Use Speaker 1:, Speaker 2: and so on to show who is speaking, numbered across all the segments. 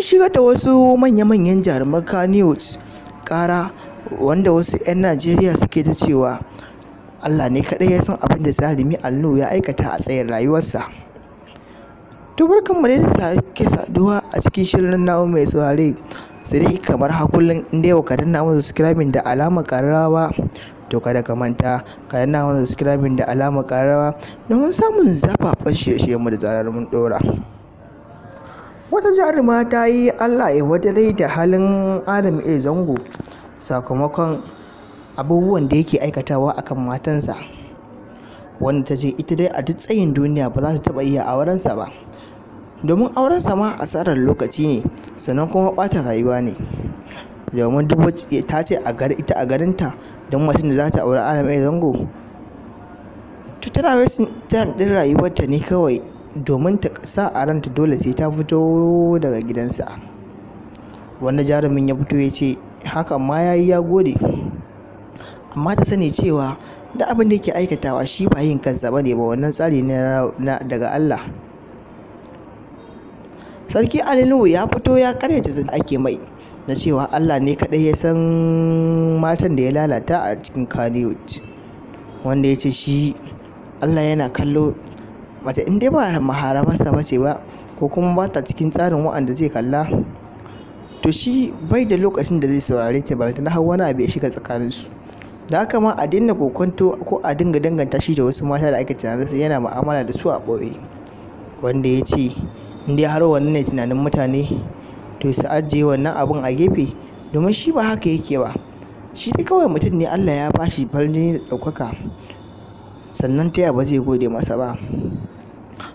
Speaker 1: an shigar da wasu manya-manyan jaruman kannywood kara wanda wasu 'yan najeriya suke ta cewa allah ne kaɗai ya san abin da zalimi alno ya aikata a tsayin rayuwarsa to barkan mu da sake saduwa a cikin shirin namu mai saurare sai dai kamar hakullin inda yau ka danna mana subscribing da alamar ƙararrawa to kada ka manta ka danna mana subscribing da alamar ƙararrawa domin samun zafafan shirye-shiryenmu da zarar mun ɗora wata jaruma ta yi allah ya wadare da halin adam a zango sakamakon abubuwan da yake aikatawa akan matansa wanda ta ce ita dai a duk tsayin duniya ba za ta taɓa iya aurensa ba domin aurensa ma asarar lokaci ne sannan kuma ɓata rayuwa ne domin duk wacce ta ce a gar ita a garinta don wasu da za ta aure adam zango tana wasu time ɗin rayuwarta ne kawai domin ta sa a ranta dole sai ta fito daga gidansa wanda jarumin ya fito ya ce haka ma ya yi ya gode amma ta sani cewa da abin da yake aikatawa shi ba yin kansa ba ne ba wannan tsari ne daga Allah sarki Nuhu ya fito ya karyata zan ake mai na cewa Allah ne kaɗai ya san matan da ya lalata a cikin Kannywood wanda ya ce shi Allah yana kallo mace in dai ba maharamarsa ba ce ba ko kuma ba ta cikin tsarin wa'anda zai kalla to shi bai da lokacin da zai saurare ta balanta na wani abu ya shiga tsakaninsu da haka ma a daina kokonto ko a dinga danganta shi da wasu mata da ake tunanin su yana mu'amala da su a ɓoye wanda ya ce in dai har wannan ne tunanin mutane to su ajiye wannan abun a gefe domin shi ba haka yake ba shi dai kawai mutum ne Allah ya bashi farin jini da ɗaukaka sannan ta yaba zai gode masa ba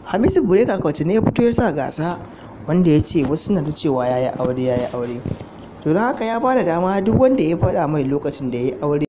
Speaker 1: hamisu bureka kwace ne ya fito ya sa gasa wanda ya ce wasu na ta cewa ya yi aure ya yi aure to don haka ya ba da dama duk wanda ya faɗa mai lokacin da ya yi aure